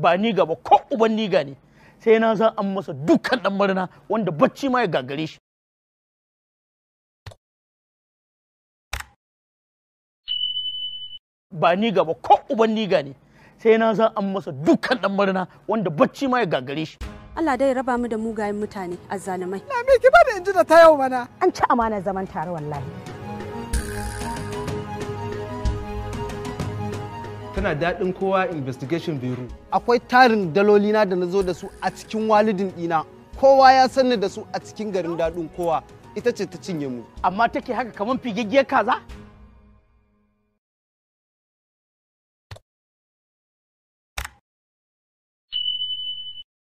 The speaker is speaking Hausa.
ba ni gaba ko uban ni gani sai na san an masa dukkan dan murna wanda bacci ma ya gagare shi ba ni gaba ko uban ni gani sai na san an masa dukkan dan murna wanda bacci ma ya gagare shi Allah dai raba mu da mugayen mutane azzalumai. Na me ki bada inji da ta yau mana. An ci amana zaman tare wallahi. tana daɗin kowa investigation bureau akwai tarin daloli na da na zo da su a cikin walidin ɗina kowa ya sanni da su a cikin garin daɗin kowa ita ce ta cinye mu amma take haka kamar figaggiyar kaza